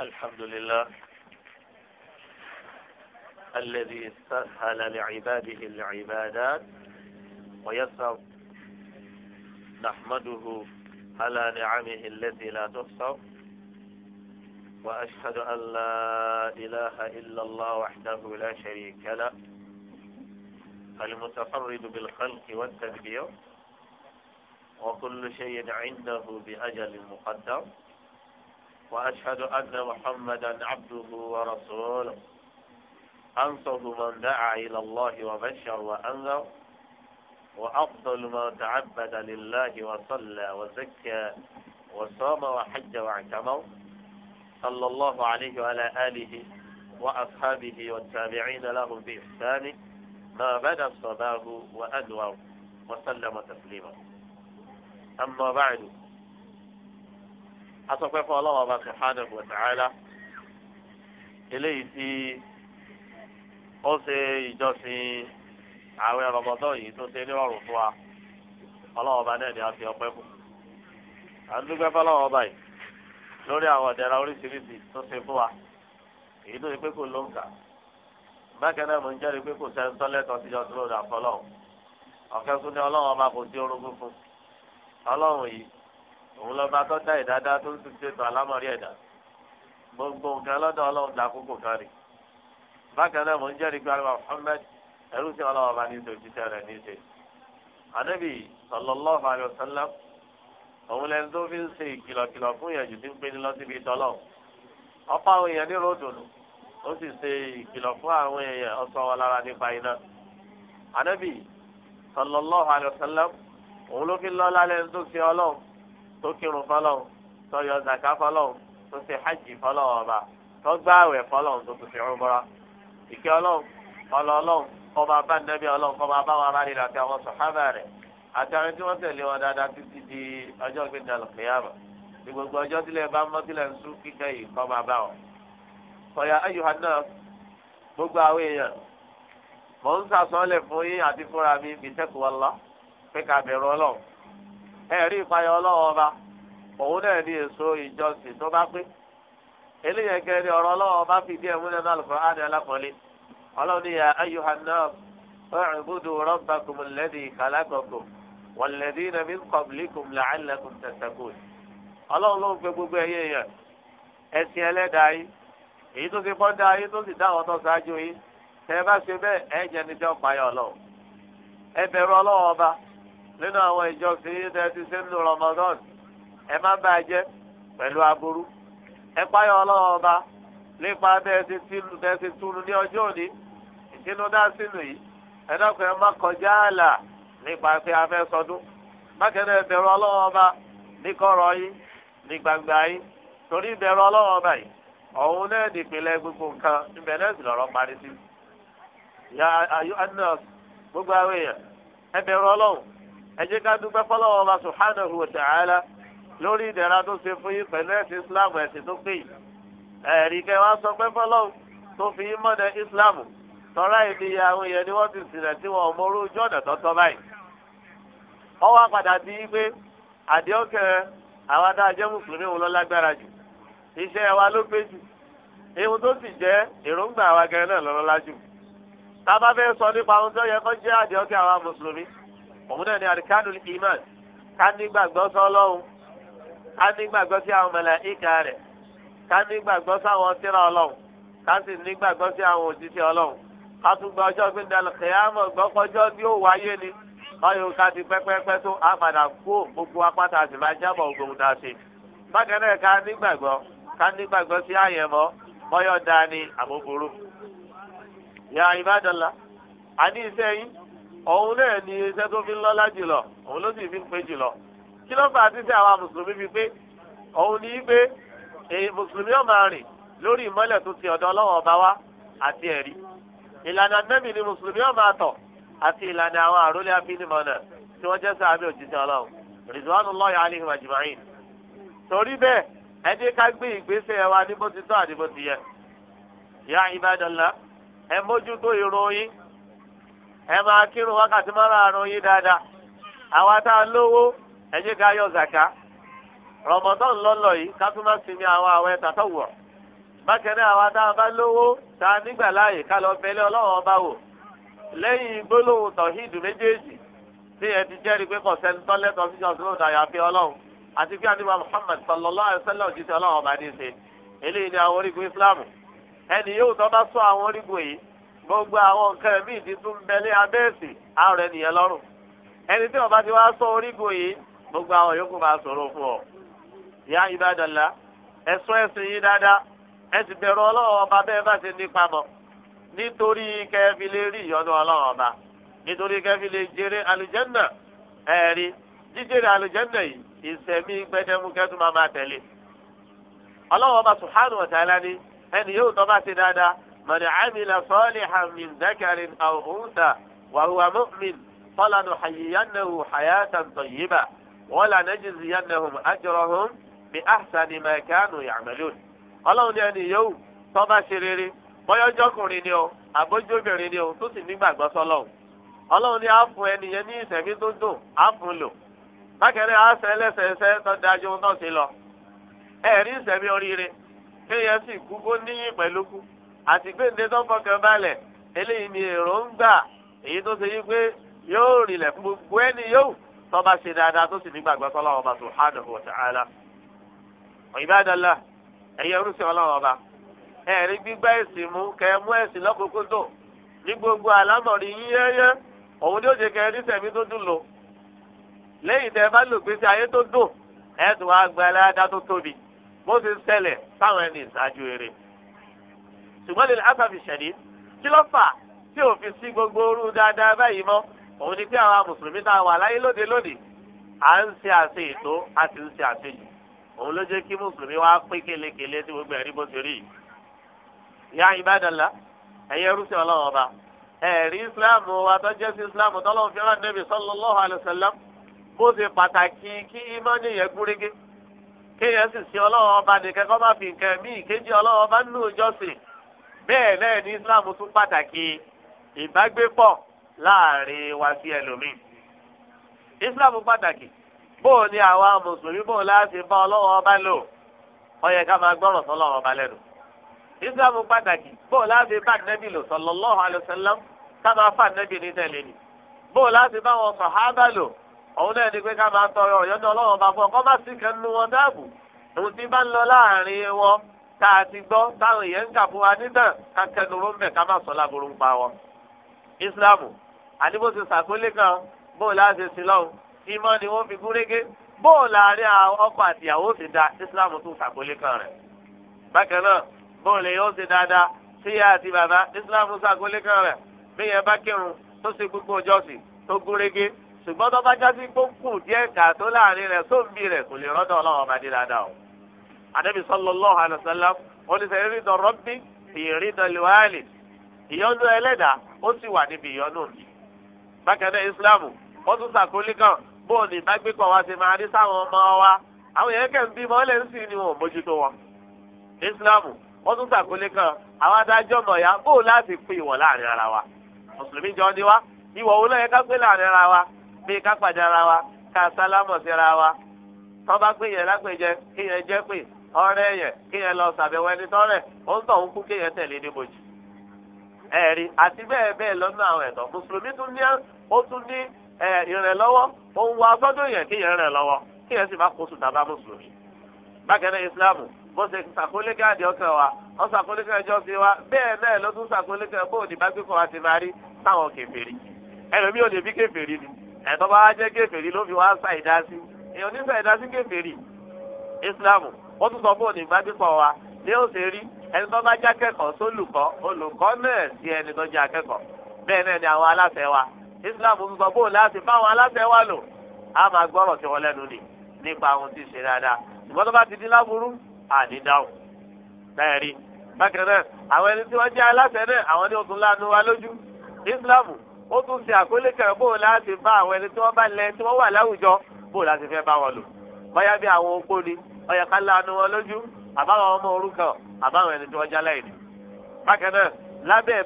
الحمد لله الذي سهل لعباده العبادات ويسر نحمده على نعمه التي لا تحصى وأشهد أن لا إله إلا الله وحده لا شريك له المتفرد بالخلق والتدبير وكل شيء عنده بأجل مقدر وأشهد أن محمدا عبده ورسوله أنصف من دعا إلى الله وبشر وأنذر وأفضل من تعبد لله وصلى وزكى وصام وحج واعتمر صلى الله عليه وعلى آله وأصحابه والتابعين لهم بإحسان ما بدا الصباح وأنور وسلم تسليما أما بعد asọpẹ́ fún Ọlọ́run ọba subhanahu wa ta'ala eléyìí tí ó ṣe ìjọsìn ààwẹ̀ Ramadan yìí tó ṣe ní ọrùn fún wa Ọlọ́run ọba náà ni a fi ọpẹ́ fún à ń dúpẹ́ fọ́lọ́run ọba yìí lórí àwọn ọ̀dẹ́ra oríṣiríṣi tó ṣe fún wa èyí tó ṣe pé kò ló ń kà bákan náà mo ń jẹ́rìí pé kò sẹ́ni tọ́lẹ́tọ̀ síjọ́ tó lòdà fọlọ́run ọ̀kẹ́ tún Ọlọ́run ọba kò sí orogún fún Ọlọ́run yìí òun lọ́ba tó dá ìdádá tó ń tún ṣètò àlámọ̀rí ẹ̀dá gbogbo nǹkan lọ́dọ̀ ọlọ́run dà kókò kan rè bákan náà mò ń jẹ́rìí gbára wa Muhammad ẹrú sí ọlọ́wọ́ bá ní ṣe òjíṣẹ́ rẹ̀ ní ṣe ànábì sallallahu alaihi wasallam òun lẹni tó fi ń ṣe ìkìlọ̀kìlọ̀ fún ìyànjú tí ń pè ní lọ síbi ìtọ́lọ̀ ọ̀pọ̀ àwọn èèyàn ní ròdùnú ó sì ṣe ìkìlọ̀ fún àwọn èèyàn ọ̀sán wọn lára nípa iná ànábì sallallahu alaihi wasallam òun ló fi lọ́lá lẹni tó ṣe ọlọ́run tó kírun fọlọ́hún tó yọ zaka fọlọ́hún tó ṣe hajj fọlọ́hún ọba tó gbààwẹ̀ fọlọ́hún tó tún ṣe umrah ìkẹ́ ọlọ́hún ọlọ́ ọlọ́hún kó máa bá nẹ́bí ọlọ́hún kó máa bá wọn ará rírà àti àwọn sàhábà rẹ̀ àti àwọn tí wọ́n tẹ̀lé wọn dáadáa títí di ọjọ́ gbẹ̀dẹ̀ àlùkìyàmọ̀ ní gbogbo ọjọ́ tilẹ̀ bá mọ́ tilẹ̀ ń sún kíkẹ́ yìí kó máa bá wọn. ọ̀yà ayùhà náà gbogbo àwọn èèyàn mò ń sàsọ́lẹ̀ fún yín àti fúnra mi bi taqwa Allah pé ká bẹ̀rù ọlọ́run ẹ̀rí ìpayọ̀ ọlọ́wọ́ ọba òun náà ní èso ìjọsìn tó bá pé eléyẹn kẹrin ọ̀rọ̀ ọlọ́wọ́ ọba fìdí ẹ̀ múlẹ̀ náà lọ́kọ̀ ádì alákọ̀ọ́lẹ̀ ọlọ́run ní ya ayyuhan-nas u'budu rabbakum alladhi khalaqakum walladhina min qablikum la'allakum nínú àwọn ìjọsìn yìí tẹ́ ti ṣe ń ẹ má bàa jẹ pẹ̀lú aburú ẹ ọlọ́wọ́ ọba nípa tẹ́ ti túnu ní ọjọ́ òní ìtinú dá sínú yìí ẹ̀dọ́kùn ẹ má kọjá nípa pé a ọba ní yín ní yín torí ọba yìí ọ̀hun náà gbogbo nǹkan ibẹ̀ náà sì ya gbogbo àwọn èèyàn ẹ jẹ́ ká ọba subhanahu wa ta'ala lórí ìdẹ̀ra tó ṣe fún yín islam ẹ̀sìn tó pè yìí ẹ̀rí kẹ́ wá sọ pé fọlọ́wọ́ tó fi yín mọ́nà islam tọ́lá ìdí àwọn ni wọ́n ti sílẹ̀ tí ojú ọ̀nà tọ́tọ́ báyìí. wọ́n wá padà sí i pé wa ló jù tó sì èròǹgbà wa náà jù. tá a òun náà ni àríkánù iman ká nígbàgbọ́ sọ́lọ́hún ká nígbàgbọ́ sí àwọn màláíkà rẹ̀ ká nígbàgbọ́ sáwọn tírà ọlọ́hún ká sì nígbàgbọ́ sí àwọn òjíṣẹ́ ọlọ́hún ká tún gba ọjọ́ gbé dalẹ̀ kẹ́yàmọ̀ gbọ́kọ́jọ́ ni ó wáyé ni báyọ̀ ká di pẹ́pẹ́pẹ́ tó a padà kó gbogbo apáta àti máa jábọ̀ ogun tá a ṣe bákan náà ká nígbàgbọ́ ká ní òun náà ni iṣẹ́ tó fi ń lọ́lá jùlọ òun ló sì fi ń pé jùlọ kí ló fà á títí àwa mùsùlùmí fi pé òun ní í pé mùsùlùmí ọ̀ máa rìn lórí ìmọ́lẹ̀ tó ti ọ̀dọ̀ ọlọ́wọ́ ọba wa àti ẹ̀rí ìlànà nẹ́bì ni mùsùlùmí ọ̀ máa tọ̀ àti ìlànà àwọn àrólé abínimọ̀nà tí wọ́n jẹ́ sáà bí òjíṣẹ́ ọlọ́run ridwanullahi alaihim ajma'in torí bẹ́ẹ̀ ẹ jẹ́ ká gbé ìgbésẹ̀ wa ní bó ti tọ́ àti ti yẹ. ya ibadallah ẹ mójútó ìròyìn ẹ máa kírun wákàtí márààrún yín dáadáa àwa tá a lówó ẹ jẹ́ ká yọ zàká Ramadan lọ́lọ́ yìí ká tún má sinmi àwọn àwẹ̀ tàtọ̀wọ̀ bákan náà àwa tá a bá lówó tá a nígbà láàyè ká lọ Ọlọ́run ọba wò lẹ́yìn gbólóhùn tọ̀hídù méjèèjì tí gbogbo àwọn nǹkan míì ti tún bẹ́lẹ́ abẹ́ẹ̀sì àrùn ẹnìyẹn lọ́rùn ẹni tí wọ́n bá ti wá sọ orígun yìí gbogbo àwọn yòókù máa sọ̀rọ̀ fún ọ. ìyá ìbádọ́lá ẹ̀sùn ẹ̀sìn yìí dáadáa ẹ sì bẹ̀rù ọlọ́run ọba bẹ́ẹ̀ bá ṣe nípa mọ́ nítorí kẹfì lè rí ìyọ́nú ọlọ́run ọba nítorí kẹfì lè jèrè àlùjẹ́nà ẹ̀rí jíjèrè àlùjẹ́nà yìí ìsẹ̀mí gbẹdẹmukẹ́tù máa tẹ̀lé ọlọ́run ọba subhanahu wa ta'ala ni ẹni yóò tọ́ bá ṣe dáadáa من عمل صالحا من ذكر أو أنثى وهو مؤمن فلنحيينه حياة طيبة ولنجزينهم أجرهم بأحسن ما كانوا يعملون ọlọ́run ní ẹni yòówù tó bá o àbójóbìnrin ni o tó sì nígbàgbọ́ àti gbèǹde tó fọkàn balẹ̀ eléyìí ni èròǹgbà èyí tó ṣe yí pé yóò rìnlẹ̀ fún gbogbo ẹni yóò tọ́ba ṣe dáadáa tó sì nígbàgbọ́ ọba ọba ẹ̀rí gbígbá ẹ̀sìn mú kẹ́ mú ẹ̀sìn ní gbogbo àlámọ̀rí yíyẹ́yẹ́ òun ṣe kẹ́ ní tó dùn ṣùgbọ́n lè lápá fi ṣẹ̀dí kí ló fà tí ò fi sí gbogbo orú dáadáa báyìí mọ́ òun ni pé àwa mùsùlùmí tá a wà láyé lóde lónìí à ń ṣe àṣe ètò a ti ń ṣe àṣejù òun ló jẹ́ kí mùsùlùmí wá pé kélekèle tí gbogbo ẹ̀rí bó ti rí yìí. ìyá ìbádàlá ẹ̀yẹ rúṣẹ́ ọlọ́run ọba ẹ̀rí islam wa sí islam tọ́lọ́run fi rán nẹ́bí sallallahu alaihi bó ṣe pàtàkì kí ìmánì yẹn gúnrégé kéèyàn sì ṣe ọlọ́run ọba nìkan kọ́ má fi nǹkan míì kéjì ọlọ́run ọba nínú ìjọsìn bẹ́ẹ̀ náà ní islam tún pàtàkì ìbágbépọ̀ láàrin wa sí ẹlòmíì islam pàtàkì bóò ni àwa mùsùlùmí bóò láti bá ọlọ́wọ́ ọba lò ó yẹ ká máa gbọ́rọ̀ sọ́lọ́wọ́ ọba lẹ́nu islam pàtàkì bóò láti bá nẹ́bí lò sallallahu alaihi ká máa fà nẹ́bí ní tẹ̀lé ni bóò láti bá wọn sàhábà lò òun náà ni pé ká máa tọrọ ọ̀yọ́dọ̀ ọlọ́wọ́ ọba fún ọ kọ́ bá sí kan wọn dáàbò tá a ti gbọ́ táwọn èèyàn ń kà fún wa nínà ká kẹnuró mẹ́ ká má sọ lágoro ń pa wọn. Islam àní bó ti sàkólé kan bóò láti sin lọ́wọ́ ìmọ̀ ni wọ́n fi gún régé bóò láàrin ọkọ àti ìyàwó ti da Islam tún sàkólé kan rẹ̀. bákan náà bóò lè yóò ṣe dáadáa síyá àti bàbá Islam sàkólé kan rẹ̀ bí yẹn bá kírun tó ṣe gbogbo ọjọ́sìn tó gún régé ṣùgbọ́n tó bá jásí gbókùn díẹ̀ kà tó láàrin rẹ̀ sóńbì rẹ̀ kò lè rọ́dọ̀ ọlọ́wọ́ ọba dé dáadáa o. anabi sallallahu alayhi wa sallam ó ní sẹ́yìn rídọ̀ rọ́bì ìrídọ̀ lùwàlì ìyọ́nú ẹlẹdà ó sì wà níbi ìyọ́nú mi. bákan náà islam ó tún sàkólé kan wa ti máa ní sáwọn ọmọ wa àwọn yẹn kẹ́ ń bímọ ọ́ lẹ́ ń sìn ni wọn mójútó wọn. islam ó tún sàkólé àwọn ya bóun láti pín láàrin ara wa mùsùlùmí jọ ni wo wa ọ̀rẹ́ yẹ kéèyàn lọ sàbẹ̀wò ẹni tọrẹ ó ń tọhún kú kéèyàn tẹ̀lé níbojì ẹ̀rí àti bẹ́ẹ̀ bẹ́ẹ̀ lọ́nà àwọn ẹ̀tọ́ mùsùlùmí tún ní ó tún ní ìrànlọ́wọ́ òun wa gbọ́dọ̀ yẹ kéèyàn ràn lọ́wọ́ kéèyàn sì má kó sùn tàbá mùsùlùmí bákan náà ìsìláàmù bó ṣe sàkólékè àdìọ́kẹ́ wa ó sàkólékè ẹjọ́ sí wa bẹ́ẹ̀ náà ló tún sàkólékè bó òdì bá gbé kọ́ wa ti máa rí táwọn kèfèrí ẹlòmíì ò lè bí kèfèrí ni ẹ̀tọ́ bá wá jẹ́ kèfèrí ló fi wá ṣàìdásí èèyàn ní ṣàìdásí kèfèrí ìsìláàmù wọ́n tún sọ fún onígbàdìpọ̀ wa ní ó ṣe rí ẹni tó bá já kẹ́kọ̀ọ́ sólùkọ́ olùkọ́ náà sí ẹni tó já kẹ́kọ̀ọ́ bẹ́ẹ̀ náà ni àwọn aláṣẹ wa Islam ń sọ bóun láti fáwọn aláṣẹ wa lò á máa gbọ́rọ̀ sí wọn lẹ́nu nì nípa ohun tí ì ṣe dáadáa ṣùgbọ́n tó bá ti dín láburú àní dáhùn bẹ́ẹ̀ rí bákan náà àwọn ẹni tí wọ́n jẹ́ aláṣẹ náà àwọn ni ó tún láàánú wa lójú Islam ó tún ṣe àkólé kan bóun láti bá àwọn ẹni tí wọ́n bá lẹ tí wọ́n wà láwùjọ bóun láti fẹ́ bá wọn lò báyá bí àwọn opó ni ọyọ ká lanu wọn lójú àbáwọn ọmọ orúkọ àbáwọn ẹni tí wọn jálẹ yìí. bákan náà lábẹ́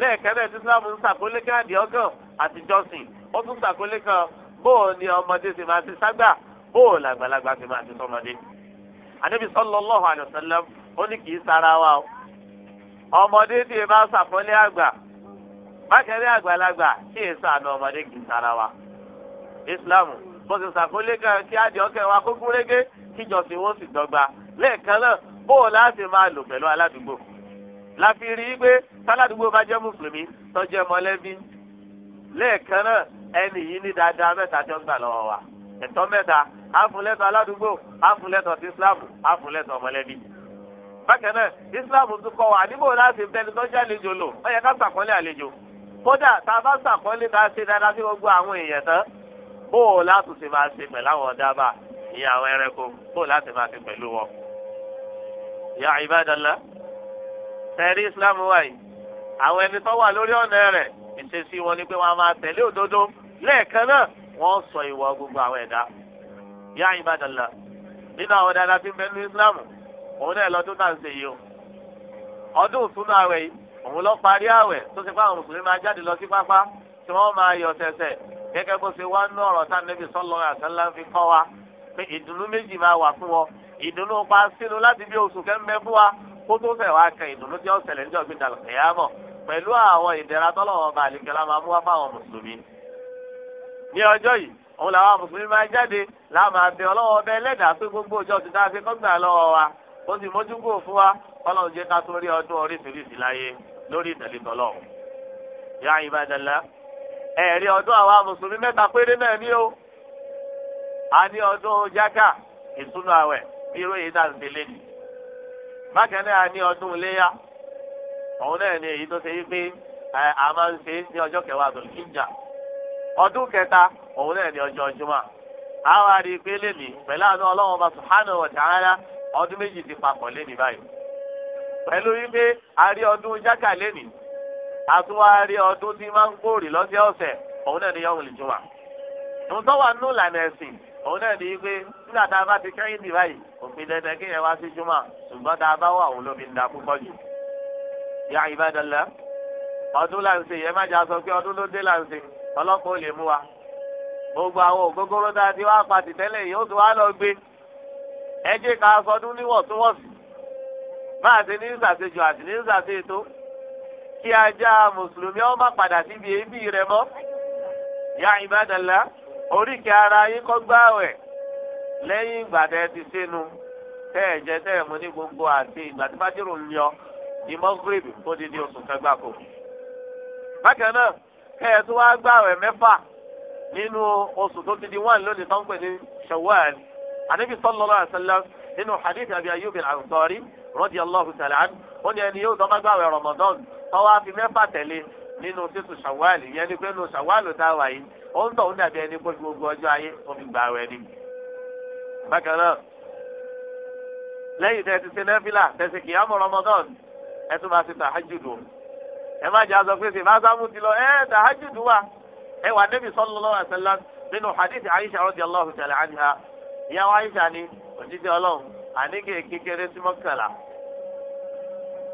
lẹ́ẹ̀kẹ́ islam ń sàkólé kan àdìẹ ọgàn àti jọ́sìn ó tún sàkólé kan bóò ni ọmọdé sì máa ti ságbà bóò làgbàlagbà sì máa ti sọmọdé. ànábì sallallahu ó ní kì í o ọmọdé tí ì máa sàkólé àgbà àgbàlagbà ọmọdé kì í islam bó ti sàkólé kan kí àjọ kẹ wa kó gúnrégé kíjọsìn wọn sì dọ́gba lẹ́ẹ̀kan náà bóò láti máa lò pẹ̀lú aládùúgbò láfi rí i pé táládùúgbò bá jẹ́ mùsùlùmí tó jẹ́ mọ́lẹ́bí lẹ́ẹ̀kan náà ẹnì yìí ní dáadáa mẹ́ta tó ń gbà lọ́wọ́ wa ẹ̀tọ́ mẹ́ta àfúnlẹ́tọ̀ aládùúgbò àfúnlẹ́tọ̀ ti islam àfúnlẹ́tọ̀ mọ́lẹ́bí. bákan náà islam tún kọ́ wa níbo láti bẹni tó jẹ́ àlejò lò ó yẹ ká ṣàkọ́lé àlejò kódà tá a bá ṣàkọ́lé tá ṣe dáadáa sí gbogbo àwọn èèyàn tán bó o láti ṣe máa ṣe pẹ̀lú àwọn ọ̀dàbà ìyá àwọn ẹranko bó o láti máa ṣe pẹ̀lú wọn. ìyá ìbádọ́lá tẹ̀rí islam wáyé àwọn ẹni tó wà lórí ọ̀nà rẹ̀ ìṣesí wọn ni pé wọ́n á máa tẹ̀lé òdodo lẹ́ẹ̀kan náà wọ́n sọ ìwọ gbogbo àwọn ẹ̀dá. ìyá ìbádọ́lá nínú àwọn dáadáa tí ń bẹ islam òun náà lọ́dún náà ń ṣe yìí o ọdún ìtúnú àwẹ̀ yìí òun lọ parí àwẹ̀ tó ti pa àwọn mùsùlùmí máa jáde lọ sí pápá tí wọ́n máa yọ̀ sẹ̀sẹ̀ gẹ́gẹ́ bó ṣe wá ní ọ̀rọ̀ tá nẹ́bí sọ́lọ́ àtàlà fi kọ́ wa pé ìdùnnú méjì máa wà fún wọn ìdùnnú pa sínú láti bí oṣù kẹ́mbẹ́ fún wa kó tó fẹ̀ wá kan ìdùnnú tí ó ṣẹlẹ̀ ní ọ̀gbìn dàlù kẹ̀yàmọ̀ pẹ̀lú àwọn ìdẹ̀ra tọ́lọ̀wọ̀ bá àlìkẹ́ la máa mú wá fáwọn mùsùlùmí. ní ọjọ́ yìí òun làwọn mùsùlùmí máa jáde láàmà bẹ ọlọ́wọ́ bẹ lẹ́dàá pé gbogbo ọjọ́ ti dá sí kọ́gbà lọ́wọ́ wa ó sì mójúgbò fún wa kọ́lọ́run jẹ́ ká tó rí ọdún oríṣiríṣi láyé lórí ìtẹ̀lé tọ́lọ́run. yá ìbádallah ẹ̀rí ọdún àwa mùsùlùmí mẹ́ta péré náà ni o a ní ọdún jáká ìtúnu àwẹ̀ irú èyí náà ti lé na bákan náà a ní ọdún iléyà òun náà ní èyí tó ṣe yí pé a máa ń ṣe ní ọjọ́ kẹwàá tó kíjà ọdún kẹta òun náà ní ọjọ́ jùmọ̀ àwa rí i pé lèmi pẹ̀lú àánú ọdún méjì ti papọ̀ àtúwárí ọdún tí máa ń gbòòrì lọ́sẹ̀ ọ̀sẹ̀ òun náà ni yọ̀hùn lè jọba. òun tó wà nínú ìlànà ẹ̀sìn òun náà ni pé nígbà tá a bá ti kẹ́yìn dì báyìí òfin dandan kí yẹn wá sí jùmọ̀ ṣùgbọ́n tá a bá wà òun ló fi ń da púpọ̀ jù. ya ìbádọ́lá ọdún là yẹn má jà sọ pé ọdún ló dé là ọlọ́pàá ò lè mú wa. gbogbo àwọn ògógóró tá a ti wá pàtì tẹ́lẹ̀ yìí ó ti wá lọ gbé ẹ jẹ́ ká sọdún níwọ̀ntúnwọ̀nsì máa ti ní ìsàsejù àti ní ìsàse kí ajá mùsùlùmí ó má padà síbi èébì rẹ̀ mọ́. Ya ibadallah oríkèé ara yín kọ́ gbáwẹ̀ lẹ́yìn ìgbà tẹ́ ti sínú tẹ́ ẹ̀ jẹ́ tẹ́ ẹ̀ mú ní gbogbo àti ìgbà tí májèrò ń yọ ní mọ́gírèbì tó di ní oṣù kan gbáko. Bákan náà kẹ́ ẹ tún wá gbáwẹ̀ mẹ́fà nínú oṣù tó ti di wọ́n lónìí tó ń pè ní Shawwal. Ànábì sallallahu alaihi wasallam nínú hadith Abi Ayyub al-Ansari radiyallahu ta'ala anhu ó ní ẹni yóò dọ́ bá gbáwẹ̀ Ramadan tọ́wọ́ àfi mẹ́fà tẹ̀lé nínú títù ṣàwálì yẹn ni pé nínú ṣàwálì tá a wà yìí ó ń tọ̀hún dàbí ẹni pé gbogbo ọjọ́ ayé ó fi gbà wẹ̀ ni. bákan náà lẹ́yìn tẹ̀sí ṣe nẹ́fìlà tẹ̀sí kìyàmù Ramadan ẹ tún máa ṣe tàhájùdù ẹ má jẹ́ aṣọ pé ṣe máa sábú ti lọ ẹ tàhájùdù wa ẹ wà Nábì sallallahu alaihi wasallam nínú hadith Aisha radiyallahu ta'ala anha ìyàwó Aisha ni òjijì ọlọ́run àníkè kékeré sí mọ́kànlá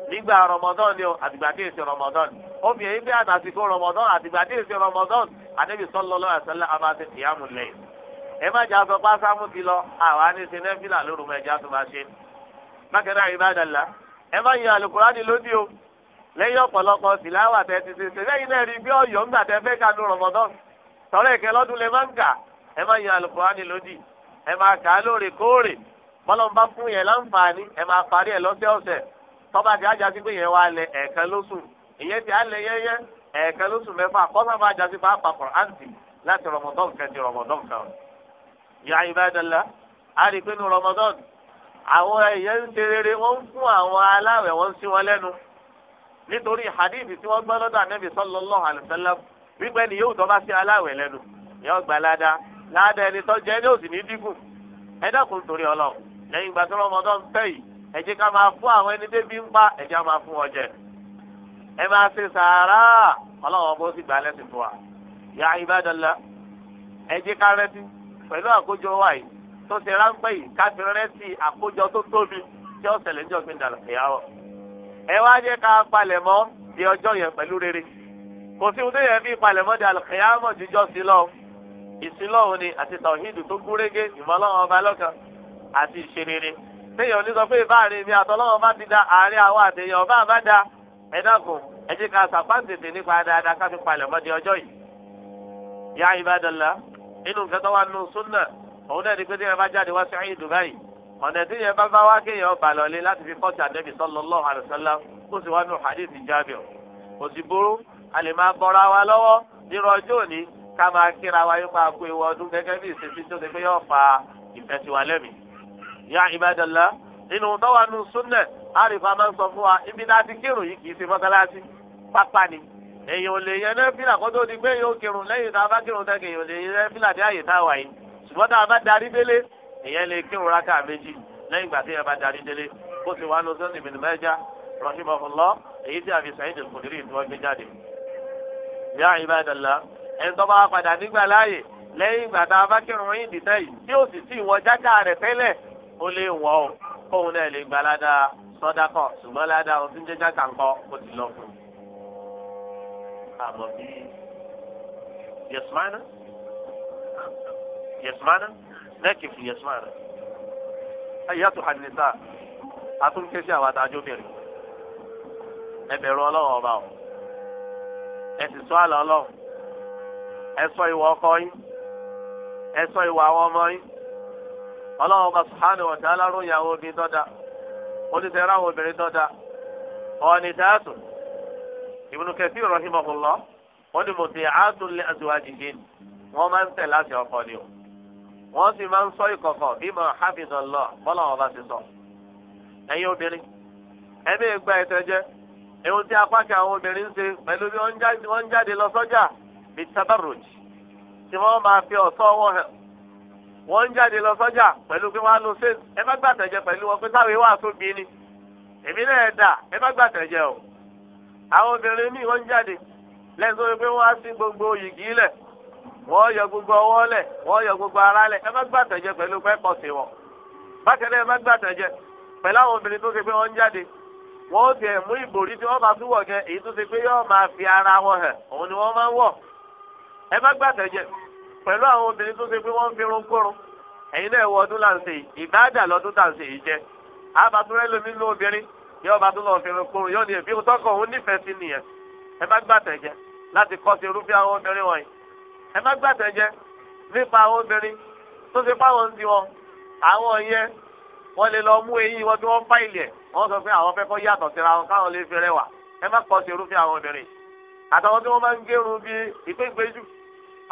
nígbà rọmọdán ni o àtìgbà tí èsì rọmọdán obìnrin yìí bí àtàsìkò rọmọdán àtìgbà tí èsì rọmọdán ànábì sallallahu alaihi wasallam a máa ti kìyàmù lẹ́yìn. ẹ má jà sọ pásámù ti lọ àwa ní sinẹ́ fìlà lóru mọ ẹja tó máa ṣe. mákẹ́rẹ́ àyíbádàlá ẹ má yan àlùkùránì lódì o lẹ́yìn ọ̀pọ̀lọpọ̀ tìláwà tẹ ti ṣe lẹ́yìn náà rí bí ọ̀yọ́ ńgbà tẹ fẹ́ kanú rọmọdán tọ́lá ìkẹ́ lọ́dún lè má ń kà ẹ má yan àlùkùránì lódì ẹ má kà á lóòrèkóòrè bọ́lọ́mbà fún yẹn láǹfààní ẹ má parí ẹ lọ́sẹ̀ọ̀sẹ̀ tọ́ba ti ajá sí pé yẹn wá lẹ ẹ̀ẹ̀kan lóṣù ìyẹn ti alẹ yẹyẹ ẹ̀ẹ̀kan lóṣù mẹ́fà kọ́sà máa já sí pàápàá kọ̀ọ̀rántì láti rọmọdọ́n kan ti rọmọdọ́n kan. ya ibadallah a rí i pé nu rọmọdọ́n àwọn èèyàn ń ṣe rere wọ́n ń fún àwọn aláwẹ̀ wọ́n ń sí wọn lẹ́nu nítorí hadith tí wọ́n gbọ́ lọ́dọ̀ ànábì sallallahu alaihi wasallam ni yóò ẹ jẹ́ ká máa fún àwọn ẹni débi ń pa ẹ jẹ́ ká máa fún wọn jẹ ẹ máa ṣe sàárà ọlọ́wọ́n bó sì gbà lẹ́sìn fún wa yà ìbádọ́lá ẹ jẹ́ ká rẹ́tí pẹ̀lú àkójọ wa yìí tó ṣe ráńpẹ́ yìí ká fi rẹ́tí àkójọ tó tóbi tí ó ṣẹlẹ̀ níjọ́ gbẹ̀dà ìyàwó ẹ wá jẹ́ ká palẹ̀ mọ́ di ọjọ́ yẹn pẹ̀lú rere kò sí ohun yẹn fi palẹ̀ mọ́ di àlùkìyàmọ̀ jíjọ́ sí lọ ni àti téèyàn ní sọ pé báàrin mi àtọ́lọ́wọ́ bá ti da àárín àwọn àtẹ̀yàn ọba àbá da ẹ̀dàkùn ẹ jẹ́ ká sàpá tètè nípa dáadáa ká fi palẹ̀ mọ́ di ọjọ́ yìí. yá ìbádọ́lá inú nǹkan tó wà nù súnà òun náà ni pé téèyàn bá jáde wá sí ẹ̀yìn Dubai ọ̀nà téèyàn bá bá wá kéèyàn bà lọ́lé láti fi kọ́ọ̀tì àdẹ́bì sallallahu alaihi wasallam kó sì wá nù hadithi Jabir kò sì burú a lè máa bọ́ra wa lọ́wọ́ nírọ̀ ọjọ́ òní ká máa kíra wa yípa àpò ìwọ ọdún gẹ́gẹ́ bí ìṣèṣin tó ti pé yóò fa ìfẹ́ tiwa lẹ́mìí yá ìbádọ́lá nínú tọ́wọ́ nù súnẹ̀ àrífà máa ń sọ fún wa ibi láti kírun yìí kì í ṣe mọ́sálásí pápá ni èyàn ò lè yẹn lẹ́fìlà kó tó di pé èyàn ò kírun lẹ́yìn tá a bá kírun tẹ́kẹ̀ èyàn ò lè yẹn lẹ́fìlà dé àyè tá a wà yìí ṣùgbọ́n tá a bá darí délé èyàn lè kírun rákà méjì lẹ́yìn ìgbà tí èyàn bá darí délé kó sì wá lóṣù ní ibn Majah rahimahullah èyí tí a fi Sa'id al-Khudri tí gbé jáde. ya ibadallah ẹni tó bá padà nígbà láàyè lẹ́yìn ìgbà tá a bá kírun yìí dìtẹ́ yìí tí ó sì sí ìwọ jákà rẹ̀ tẹ́lẹ̀ ó lè wọ̀ ọ́ kóun náà lè gba ládà sọ́dákọ̀ ṣùgbọ́n ládà òfin jẹ́jà kàǹkọ́ ó ti lọ fún un. àmọ́ bí yẹ̀sùmánà yẹ̀sùmánà lẹ́kì fún yẹ̀sùmánà. ayíyàtò hànísà atúnkẹ́ sí àwọn àtàjọ bẹ̀rẹ̀ ẹ ọlọ́wọ́ ọba o ẹ sọ àlọ́ ọlọ́wọ́ ẹ sọ ọlọ́run bá sùhánù ọ̀tá aláròyìn àwọn obìnrin dọ́dà ó ti tẹ̀rọ àwọn wọ́n ní mọ̀tì àádùn lé azwajihin wọ́n máa ń tẹ̀ láti ọkọ ni o wọ́n sì máa ń sọ ìkọ̀kọ̀ bímọ hafizallah bọ́lá wọn bá ti sọ ẹ̀yin obìnrin ẹ̀mí ìgbà ìtẹ́jẹ́ ewu tí apá kan àwọn obìnrin ń ṣe pẹ̀lú bí wọ́n jáde lọ sọ́jà bíi tí wọ́n máa fi wọ́n ń jáde lọ sọ́jà pẹ̀lú pé wọ́n á lo sales ẹ má gbà tẹ̀jẹ̀ pẹ̀lú wọn pé táwọn ewé àtúnbí ni èmi náà dà ẹ má gbà tẹ̀jẹ̀ o. àwọn obìnrin míì wọ́n ń jáde lẹ́yìn tó pé wọ́n á sí gbogbo yìgì lẹ̀ wọ́n gbogbo ọwọ́ lẹ̀ wọ́n yọ gbogbo ara lẹ̀ ẹ má gbà tẹ̀jẹ̀ pẹ̀lú pé pọ̀ sí wọn. ẹ má gbà tẹ̀jẹ̀ pẹ̀lú àwọn obìnrin tó ṣe pé wọ́n ń pẹ̀lú àwọn obìnrin tó ṣe pé wọ́n ń fi irun kórun ẹ̀yin náà wọ ọdún láǹṣe ìbáàdà lọ́dún táǹṣe yìí jẹ́ abatúrẹ́ lomi ní obìnrin yóò bá tún lọ́ọ́ fi irun kórun yóò ní èbí tọkọ òun nífẹ̀ẹ́ sí nìyẹn ẹ má gbàtẹ̀ jẹ láti kọ́ sí irúfẹ́ àwọn obìnrin wọ̀nyí ẹ má gbàtẹ̀ jẹ nípa àwọn obìnrin tó ṣe fáwọn ti wọn àwọn yẹn wọ́n lè lọ mú eyín wọn tí wọ́n fáìlì ẹ̀ wọ́n sọ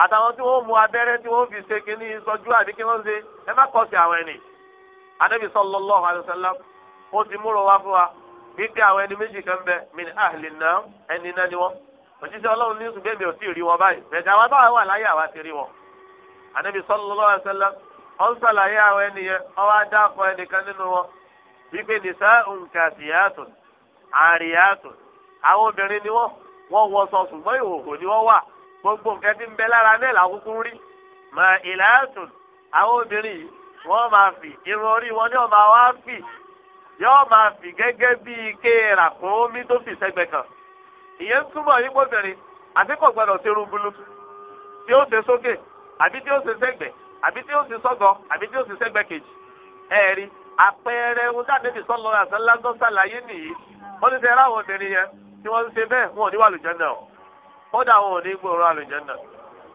àtàwọn tí wọ́n mú abẹ́rẹ́ tí wọ́n fi ṣe kínní sọjú àbí kí wọ́n ṣe ẹ má kọ̀ àwọn ẹni. Ànábì sallallahu alaihi wasallam ó ti múrò wá fún wa wípé àwọn ẹni méjì kan bẹ náà ni ní mi ò rí wọn báyìí wà láyé ti rí wọn. ó ń àwọn ẹni yẹn ó wá nínú wọn wípé gbogbo nǹkan tí ń bẹ lára náà làkúkú rí mà ìlàtún àwọn obìnrin yìí wọ́n máa fì irun orí wọn ni wọ́n máa wá fì yóò máa fì gẹ́gẹ́ bí ike ràkún omi tó fì sẹ́gbẹ̀ẹ́ kan ìyẹn ń túbọ̀ yípo obìnrin àti kò gbọdọ̀ ṣe rúbulú tí ó ṣe sókè àbí tí ó ṣe sẹ́gbẹ̀ẹ́ àbí tí ó ṣe sọ́gọ̀ àbí tí ó ṣe sẹ́gbẹ̀ẹ́ kejì ẹ̀rí àpẹẹrẹ ohun tá àdébì sọ́lọ́ àtàlágọ́sà láyé nìyí wọ́n ti ṣe ráwọ̀ obìnrin yẹn tí wọ́n ń ṣe bẹ́ẹ̀ wọn ò ní wà lùjẹ́ náà kódà wọn ò ní gbòòrò àlùjànnà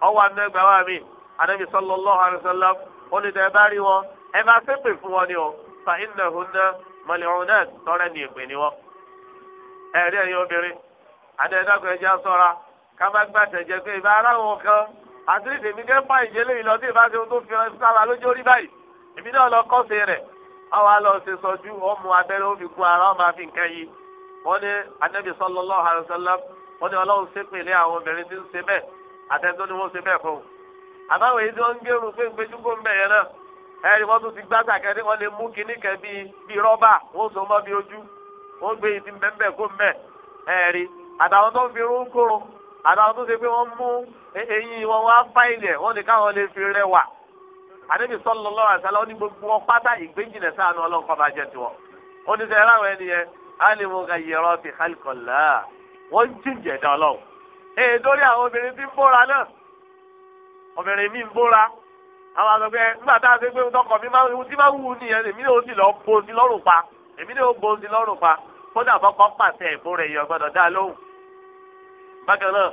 ọwọ́ anẹ́gbà wa mi anabi sallallahu alayhi wa sallam ó ní tẹ́ ẹ bá rí wọn ẹ bá ṣépè fún wọn ni o fa innahunna mal'unat tọ́rẹ́ ní ìpè ni wọn. ẹ̀rí ẹ̀yin obìnrin adẹ́dàgbọ̀n ẹja sọ́ra ká má gbà tẹ̀jẹ̀ pé ìbá ara wọn kan àti èmi kẹ́ fà ìjẹ́lẹ̀ yìí lọ sí ìbá tó fi ẹ sára lójó rí báyìí èmi náà lọ kọ́sì wọ́n ní ọlọ́run ṣépè lé àwọn obìnrin tí ń ṣe bẹ́ẹ̀ àtẹ́tọ́ ni wọ́n ṣe bẹ́ẹ̀ fún un. àbáwọ̀ èyí tí wọ́n ń gẹrù pé ìpéjúgbò ń bẹ̀ yẹn náà ẹ̀rí wọ́n tún ti gbàgbà kẹ́ni wọ́n lè mú kinní kan bíi rọ́bà wọ́n so mọ́ bíi ojú wọ́n gbé ìdí mbẹ́mbẹ́ kó mbẹ́ ẹ̀rí àtàwọn tó ń fi irun kóró àtàwọn tó ṣe pé wọ́n mú eyín wọn wá fáìlì ẹ̀ wọ́n ní káwọn lè fi rẹwà àdébí sọ́lọ́ lọ́wọ́ àṣálá ó ní gbogbo wọn pátá ìgbéjìnlẹ̀ sáànù ọlọ́nkọ́ tiwọn ó ní sẹ́yìn ráwọ̀ ẹni yẹn á lè mú ka yẹ̀rọ ti kálíkọ̀ọ́lá wọ́n ń jíǹjẹ̀ dán lọ́wọ́ ee lórí àwọn obìnrin tí ń bóra náà obìnrin mi ń bóra àwọn àgbẹ̀ nígbà tá a ṣe pé ọkọ mi máa ń tí máa ń wù nìyẹn sì lọ bo sí lọ́rùn pa èmi náà ó bo sí lọ́rùn pa kódà bọ́kọ́ pàṣẹ dá lóhùn bákan náà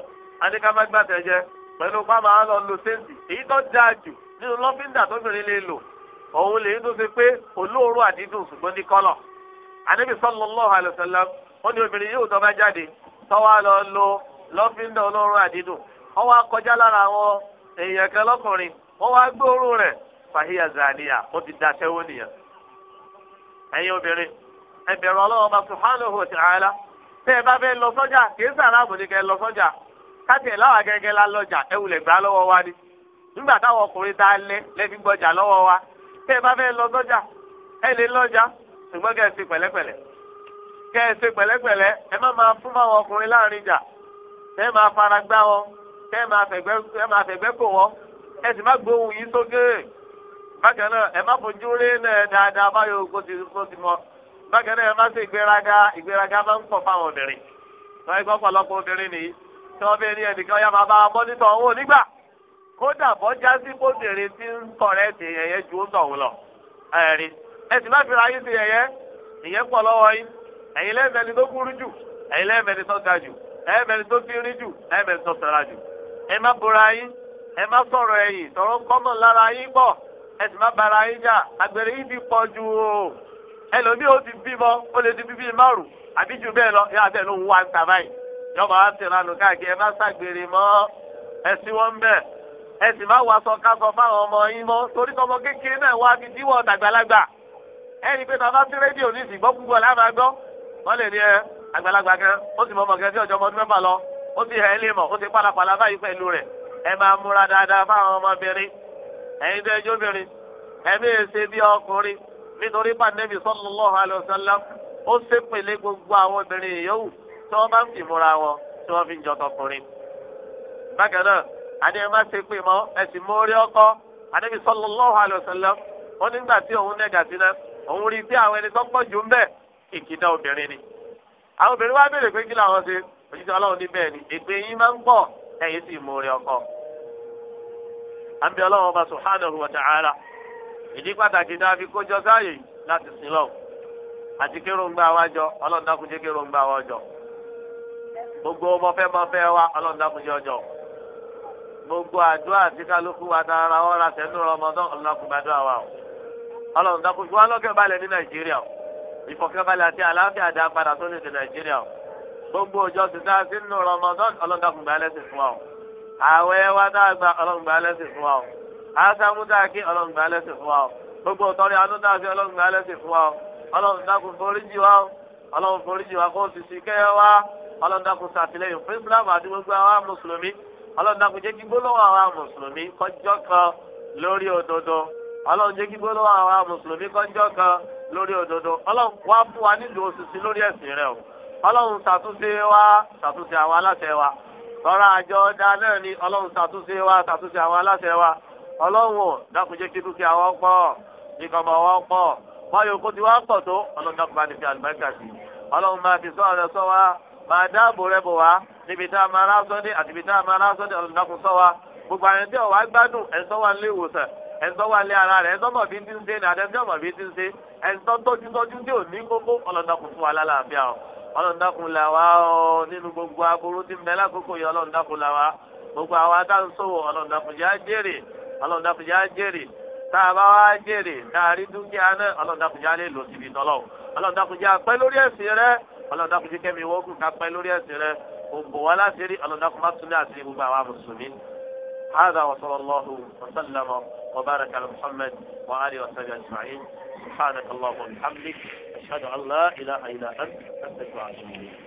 pẹ̀lú pàmò lo èyí tó dáa jù nínú lọ́fíńdà lè lò òun tó ṣe pé àdídùn ṣùgbọ́n ní kọ́lọ̀ tọ́wá lọ lo lọ́fíńdà olóòórùn àdídùn wọ́n wá kọjá lára àwọn èèyàn kan lọ́kùnrin wọ́n wá gbóòórùn rẹ̀ fàhíyà zàníyà ó ti da nìyẹn. ẹ̀yin obìnrin ọlọ́wọ́ bá tẹ́ ẹ bá lọ sọ́jà sàrà lọ sọ́jà ẹ̀ gẹ́gẹ́ ẹ wulẹ̀ gbà lọ́wọ́ wa ni nígbà táwọn ọkùnrin lẹ gbọ́jà lọ́wọ́ wa tẹ́ ẹ bá fẹ́ lọ sọ́jà kẹ́ ẹ ṣe pẹ̀lẹ́pẹ̀lẹ́ ẹ má máa fún báwọn ọkùnrin láàrin jà kẹ́ ẹ fara gbá wọn kẹ́ ẹ máa fẹ̀gbẹ́ kò wọn ẹ sì má gbóhùn sókè bákan náà ẹ má rí náà dáadáa báyọ̀ kó ti kó ti mọ bákan náà ẹ má ṣe ìgbéraga ìgbéraga máa ń pọ̀ fáwọn obìnrin obìnrin nìyí tí wọ́n bẹ ní ẹnìkan yá máa bá wọn mọ́nítọ̀ owó nígbà ti ju ó lọ ẹ sì má fi ra yín ẹ̀yin lẹ́ẹ̀mẹ́ni tó kúrú jù ẹ̀yin lẹ́ẹ̀mẹ́ni tó ga jù ẹ̀ẹ́mẹ́ni tó kiri jù ẹ̀ẹ́mẹ́ni tó sara jù ẹ má bora yín ẹ má sọ̀rọ̀ ẹ̀yìn tọ̀rọ̀ kọ́mọ̀ lára yín pọ̀ ẹ sì má bara yín jà àgbèrè yín ti pọ̀ ju o ẹlòmíì ó ti bímọ ó lè di bíbí márùn àbí jù bẹ́ẹ̀ lọ yóò abẹ́ ló ń wá níta báyìí yóò máa ti ranù káàkiri ẹ má ṣàgbèrè mọ́ ẹ sí wọn bẹ́ẹ̀ ẹ sì má wàásọ kásọ fáwọn ọmọ yín mọ́ torí tọmọ kékeré náà wá fi díwọ̀ dàgbàlagbà ẹni pé tàbá sí rédíò ní ìsìgbọ́ púpọ̀ lábàá gbọ́ wọ́n lè ní ẹ àgbàlagbà kan ó sì mọ ọmọ kẹkẹ ọjọ́ ọmọdún mẹ́fà lọ ó sì hẹ́ ilé mọ̀ ó sì pàlàpàlà báyìí pẹ̀lú rẹ̀ ẹ máa múra dáadáa fáwọn ọmọbìnrin ẹ̀yin tó ẹjọ́ obìnrin ẹ̀mí èsè bí ọkùnrin nítorí pàǹdẹ́mì sallallahu alaihi wasallam ó ṣépèlé gbogbo àwọn obìnrin yòówù tí wọ́n bá ń fìmúra wọn tí wọ́n fi ń jọtọ̀ ọkùnrin. bákan náà adéyẹ má sallallahu alaihi wasallam ó nígbà tí òun nẹ́gàtínà òun rí bí àwọn ẹni tó pọ̀ jù ìkìdá obìnrin ni àwọn obìnrin wa béèrè pé kí làwọn ṣe òṣìṣẹ́ ọlọ́run ní bẹ́ẹ̀ ni èpè yín máa ń pọ̀ ẹ̀yìn sì mú ọkọ. àbí ọlọ́run ọba subhanahu wa ta'ala ìdí pàtàkì náà kójọ sáàyè láti sin lọ àti kéróńgbà wájọ ọlọ́run dákúnjẹ́ kéróńgbà gbogbo mọ̀fẹ́ wa ọlọ́run dákúnjẹ́ jọ. gbogbo àdúrà tí kálukú wa ọ̀rà tẹ̀nú ọlọ́run wa ọlọ́run wa lọ́kẹ́ balẹ̀ ìfọ̀kànbalẹ̀ àti àlàáfíà dá padà tó lè dé nàìjíríà o gbogbo òjò tìta sínú Ramadan ọlọ́dàkùn gbà lẹ́sìn fún wa o àwẹ̀ wa tá a gba ọlọ́run gbà lẹ́sìn fún wa o ásámú tá a kí ọlọ́run gbà lẹ́sìn fún wa o gbogbo ọ̀tọ́rẹ́ àánú tá a fi ọlọ́run gbà lẹ́sìn fún wa o ọlọ́run dákun foríjì wa o foríjì wa kó o sì wa ọlọ́run dákun ṣàtìlẹ́yìn fún islam àti gbogbo àwa mùsùlùmí ọlọ́run dákun jẹ́ kí gbólóhùn àwa mùsùlùmí kọjọ́ lórí òdodo ọlọ́run wá fún wa nílùú òṣìṣẹ́ lórí ẹ̀sìn rẹ o ọlọ́run ṣàtúnṣe wa ṣàtúnṣe àwọn aláṣẹ wa tọ́ra àjọ ọ̀dà náà ni ọlọ́run ṣàtúnṣe wa ṣàtúnṣe àwọn aláṣẹ wa ọlọ́run ò dákunjẹ́ kí dúkìá wọn pọ̀ ìkọ̀mọ̀ wọn pọ̀ báyọ̀ kó ti wá pọ̀ tó ọlọ́run dákun bá ní fi àlùbáríkà sí ọlọ́run máa fi sọ́ọ̀ rẹ sọ wa máa dáàbò rẹ bò wá níbi tá a máa rásọ́dé àti ibi tá ẹ̀ńtọ́ wà lé ara rẹ̀ ẹ̀ńtọ́ mọ̀ bí ti ń ṣe ní àtẹ̀ńtọ́ mọ̀ bí ti ń ṣe ẹ̀ńtọ́ tọ́jú tọ́jú tí ò ní gbogbo ọlọ́dàkùn fún wa lálàáfíà o ọlọ́dàkùn là wá ọ nínú gbogbo aburú tí ń bẹ lákòókò yìí ọlọ́dàkùn là wá gbogbo àwa tá ń sòwò ọlọ́dàkùn yá jèrè ọlọ́dàkùn yá jèrè tá a bá wá jèrè dárí dúkìá náà ọlọ́dàkùn yá lè lò síbi tọ́lọ́ ọlọ́dàkùn yá pẹ́ lórí ẹ̀sìn rẹ ọlọ́dàkùn yá kẹ́mi wọ́gùn هذا وصلى الله وسلم وبارك على محمد وآله وصحبه أجمعين سبحانك اللهم وبحمدك أشهد أن لا إله إلا أنت أستغفرك وأتوب إليك